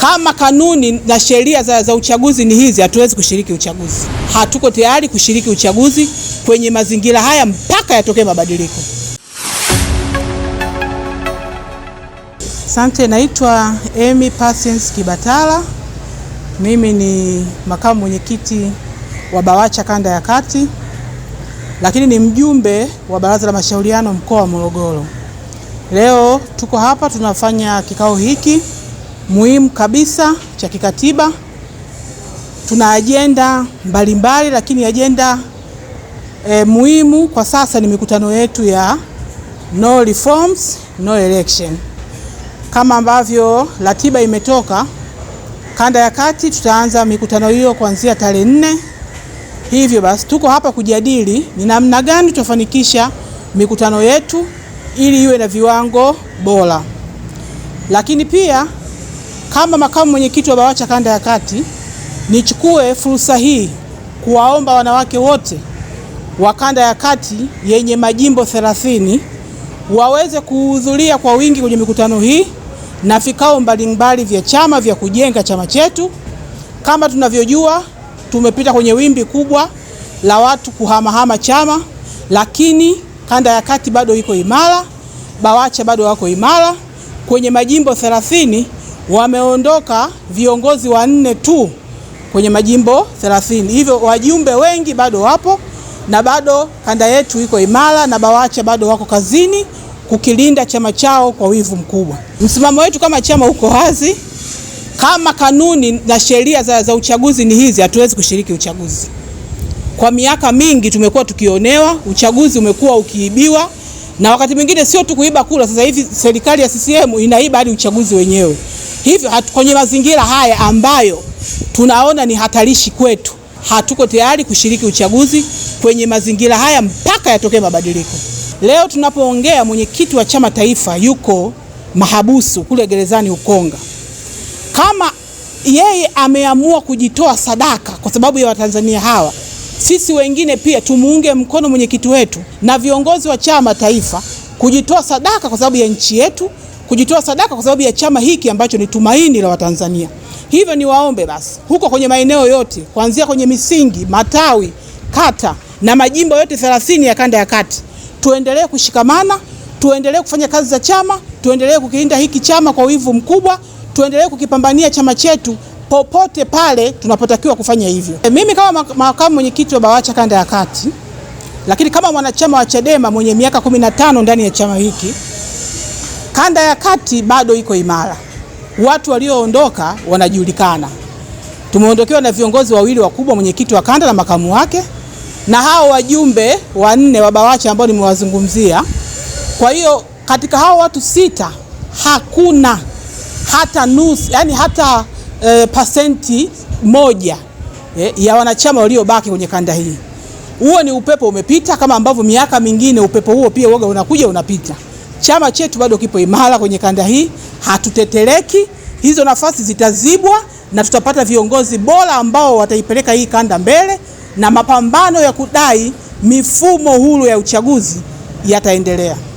Kama kanuni na sheria za, za uchaguzi ni hizi, hatuwezi kushiriki uchaguzi. Hatuko tayari kushiriki uchaguzi kwenye mazingira haya mpaka yatokee mabadiliko. Asante, naitwa Emy Patience Kibatala. Mimi ni makamu mwenyekiti wa BAWACHA kanda ya kati, lakini ni mjumbe wa baraza la mashauriano mkoa wa Morogoro. Leo tuko hapa tunafanya kikao hiki muhimu kabisa cha kikatiba. Tuna ajenda mbalimbali, lakini ajenda e, muhimu kwa sasa ni mikutano yetu ya no reforms no election. Kama ambavyo ratiba imetoka kanda ya kati, tutaanza mikutano hiyo kuanzia tarehe nne. Hivyo basi tuko hapa kujadili ni namna gani tutafanikisha mikutano yetu ili iwe na viwango bora, lakini pia kama makamu mwenyekiti wa BAWACHA kanda ya kati, nichukue fursa hii kuwaomba wanawake wote wa kanda ya kati yenye majimbo 30 waweze kuhudhuria kwa wingi kwenye mikutano hii na vikao mbalimbali vya chama vya kujenga chama chetu. Kama tunavyojua, tumepita kwenye wimbi kubwa la watu kuhamahama chama, lakini kanda ya kati bado iko imara, BAWACHA bado wako imara kwenye majimbo wameondoka viongozi wanne tu kwenye majimbo 30. Hivyo wajumbe wengi bado wapo na bado kanda yetu iko imara na BAWACHA bado wako kazini kukilinda chama chao kwa wivu mkubwa. Msimamo wetu kama chama uko wazi, kama kanuni na sheria za, za uchaguzi ni hizi, hatuwezi kushiriki uchaguzi. Kwa miaka mingi tumekuwa tukionewa, uchaguzi umekuwa ukiibiwa, na wakati mwingine sio tu kuiba kura. Sasa hivi serikali ya CCM inaiba hadi uchaguzi wenyewe. Hivyo kwenye mazingira haya ambayo tunaona ni hatarishi kwetu, hatuko tayari kushiriki uchaguzi kwenye mazingira haya mpaka yatokee mabadiliko. Leo tunapoongea, mwenyekiti wa chama taifa yuko mahabusu kule gerezani Ukonga. Kama yeye ameamua kujitoa sadaka kwa sababu ya Watanzania hawa, sisi wengine pia tumuunge mkono mwenyekiti wetu na viongozi wa chama taifa kujitoa sadaka kwa sababu ya nchi yetu kujitoa sadaka kwa sababu ya chama hiki ambacho ni tumaini la Watanzania. Hivyo ni waombe basi, huko kwenye maeneo yote kuanzia kwenye misingi, matawi, kata na majimbo yote 30 ya kanda ya kati, tuendelee kushikamana, tuendelee kufanya kazi za chama, tuendelee kukilinda hiki chama kwa wivu mkubwa, tuendelee kukipambania chama chetu popote pale tunapotakiwa kufanya hivyo. E, mimi kama makamu mwenyekiti wa BAWACHA kanda ya kati, lakini kama mwanachama wa CHADEMA mwenye miaka 15 ndani ya chama hiki Kanda ya kati bado iko imara, watu walioondoka wanajulikana. Tumeondokewa na viongozi wawili wakubwa, mwenyekiti wa kanda na makamu wake, na hao wajumbe wanne wa BAWACHA ambao nimewazungumzia. Kwa hiyo katika hao watu sita hakuna hata nusu, yani hata e, pasenti moja e, ya wanachama waliobaki kwenye kanda hii. Huo ni upepo umepita, kama ambavyo miaka mingine upepo huo pia uoga unakuja unapita. Chama chetu bado kipo imara kwenye kanda hii, hatutetereki. Hizo nafasi zitazibwa na tutapata viongozi bora ambao wataipeleka hii kanda mbele, na mapambano ya kudai mifumo huru ya uchaguzi yataendelea.